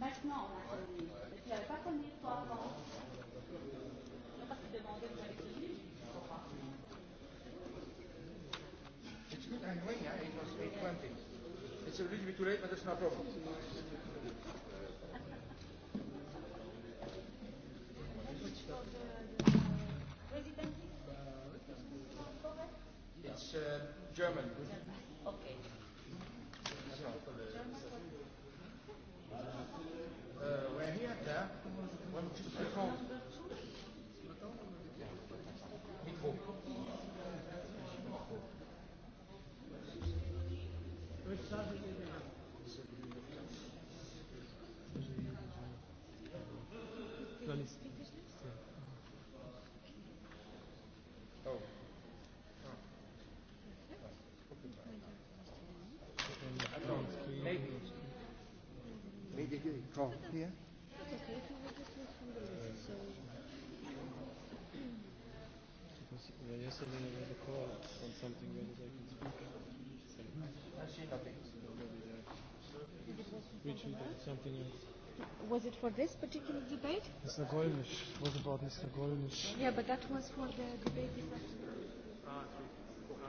Maintenant, on a connu. Mais s'il n'y avait pas connu, toi, avant, il n'y a pas de demander que j'avais connu. It's good anyway, yeah, it was 8.20. It's a little bit too late, but that's no problem. It's uh, German. Okay. German uh, we're here there when we took the phone. Oh, yeah. Because yesterday I had a call on something whether they can speak. Something else. Was it for this particular debate? Mr. Golnisch. It was about Mr. Golnisch. Yeah, but that was for the debate this afternoon. Ah, uh,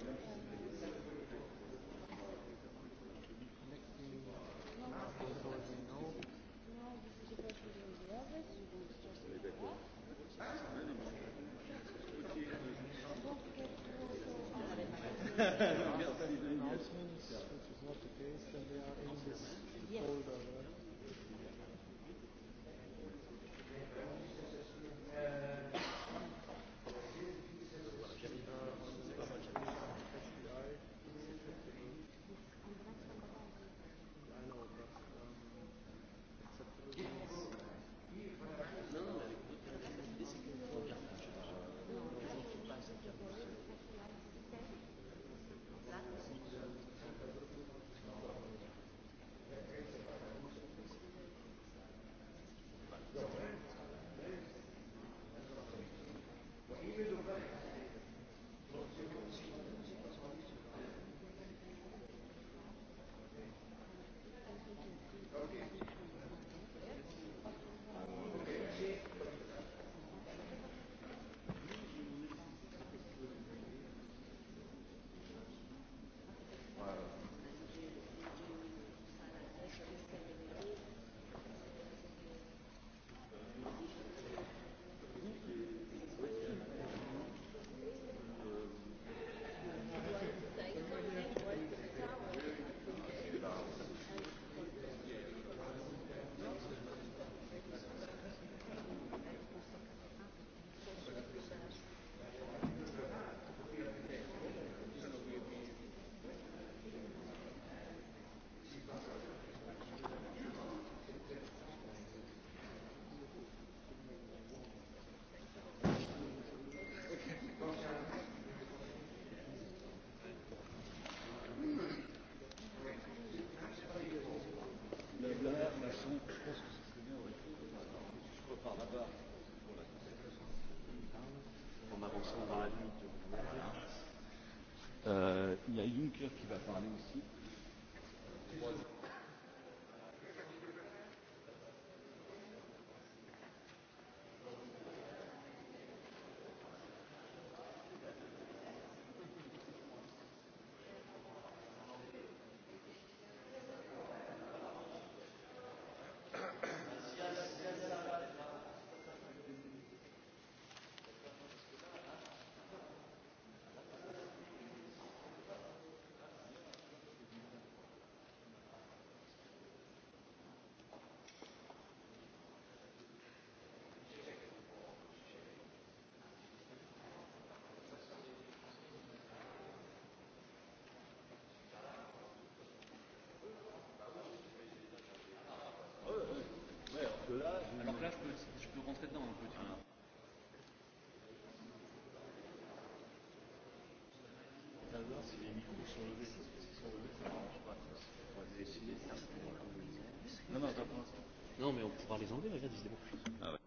parler. Voilà. Euh, il y a Juncker qui va parler aussi. que là. Je... Alors que là, je peux, je peux rentrer dedans un peu, tu vois. Savoir si les micros sont levés. S'ils sont levés, ça ne marche pas. On va les essayer. Non, non, je dois commencer. Non, mais on pourra les enlever, regarde, ils se débrouillent. Ah ouais.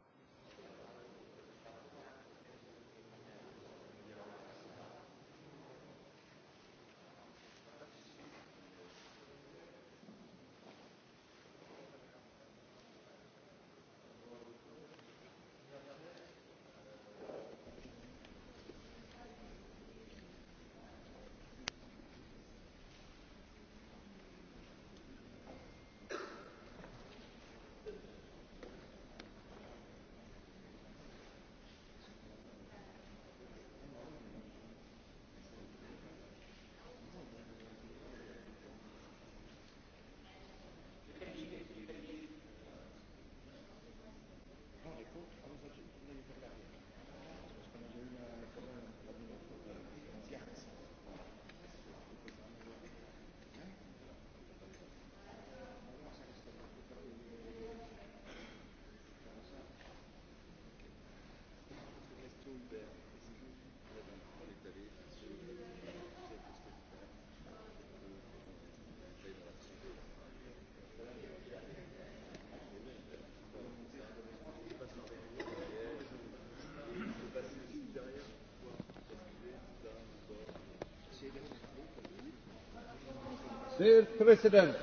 Dear President.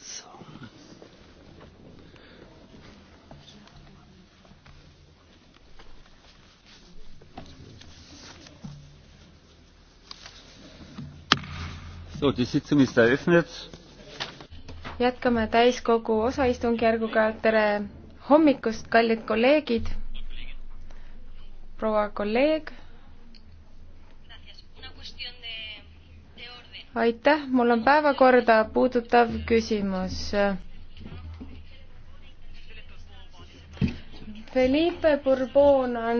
So. So, die Sitzung ist eröffnet. jätkame täiskogu osaistungjärguga, tere hommikust, kallid kolleegid, proua kolleeg aitäh, mul on päevakorda puudutav küsimus. Felipe Bourbon on